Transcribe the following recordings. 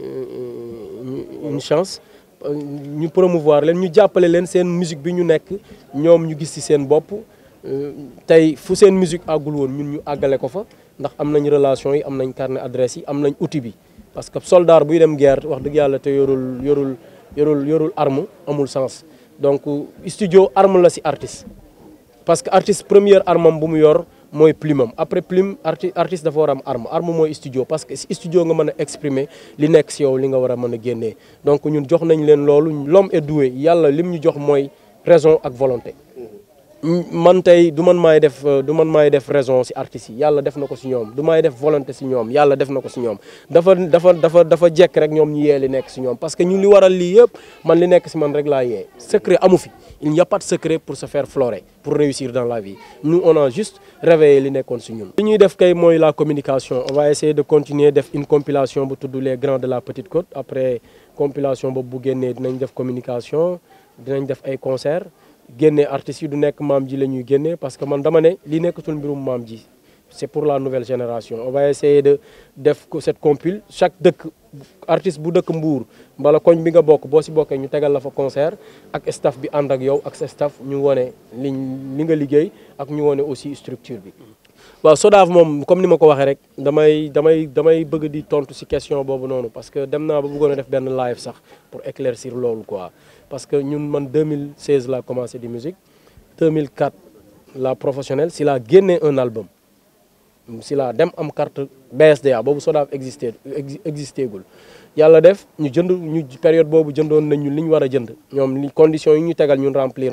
Euh, une chance ñu promouvoir len ñu jàppale len sen musique bi ñu nek ñom ñu gis ci seen bopp euh, tay fu sen musique agul won ñun ñu agalé ko fa ndax am nañ relation yi am nañ carnet adresse yi am nañ outil bi parce que soldat bu dem guerre wax deug yalla te yorul yorul yorul yorul arme amul sens donc studio arme la ci artiste parce que artiste première arme bu mu yor moy plume après plume artiste d'avoir war am arme arme moy studio parce que studio nga mëna exprimer li nek ci yow li nga wara a mën donc ñun jox nañ leen lolu l'homme est doué yalla lim ñu jox moy raison ak volonté man tay du man may def euh, du man may def raison si artiste yi yàlla def nako ci ñom du may def volonté ci ñom yalla def nako ci ñom dafa dafa dafa dafa jek rek ñom ñi yéli li nekk si parce que ñu li waral li yépp man li nekk ci man rek la yé secret amu fi il n'y a pas de secret pour se faire florer pour réussir dans la vie nous on a juste réveillé li nekkon ci ñun. ñuy def kay moy la communication on va essayer de continuer def une compilation bu tuddu les grands de la petite côte après compilation bu bu génné dinañ def communication dinañ def ay concert génne artiste du nek maam ji la ñuy parce que man dama né li nekkatul mbirum maam ji c'est pour la nouvelle génération on va essayer de def cette compile chaque deuk artiste bu deuk Mbour mbala koñ bi nga bok bo si bokkee ñu tégal la fa concert ak staff bi ànd ak yow ak staff ñu woné liñ li nga liggéey ak ñu woné aussi structure bi SODAV comme ni ma ko rek damay damay damay question parce que live pour éclaircir loolu quoi parce que nous, man 2016 l'a commencé di musique 2004 la professionnelle si a un album si avons une carte BSDA si SODAV existé existé gul Yalla def ñu jënd période bobu jëndoon nañu li conditions yi ñu remplir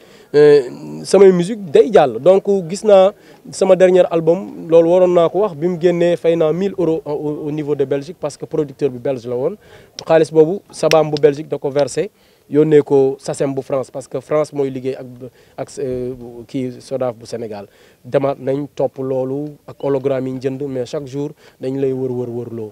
Euh, samay musique day jàll donc gis naa sama dernier album loolu waron nako wax bim guenné fayna 1000 euros au niveau de Belgique parce que producteur bi belge la woon xaalis bobu sabam bu Belgique dako verser versé ko sasem bu France parce que France moy liguey ak ak euh, kii SODAV bu Sénégal demaat nañ top lolou ak hologramme ñënd mais chaque jour dañ lay wër wër wër loo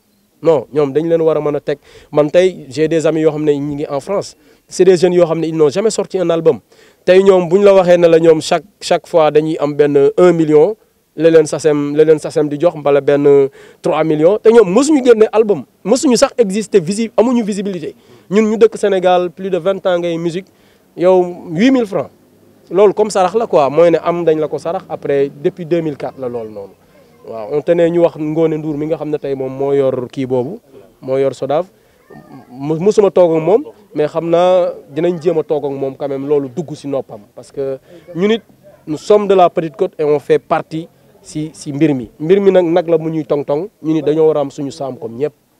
Non, ils ont des amis en France. C'est des jeunes qui n'ont jamais sorti un album. Chaque, chaque fois, ils ont 1 million. Ils ont 3 millions. Ils ont des albums. Ils ont Ils ont ils ont visibilité. Nous au Sénégal, plus de 20 ans ils ont 8 000 francs. C'est comme ça. Quoi. Moi, je suis en train de faire ça. depuis 2004, waaw on tenait ñu wax Ngone Ndour mi nga xam tay mom mo yor ki bobu mo yor SODAV musuma toog ak mom mais xamna dinañ jéem a toog ak mom quand même lolu dugg ci nopam parce que ñu nit nous sommes de la Petite Côte et on fait partie si si mbir mi mbir mi nag la mu ñuy tong-tong ñu nit dañoo war am suñu sam comme ñep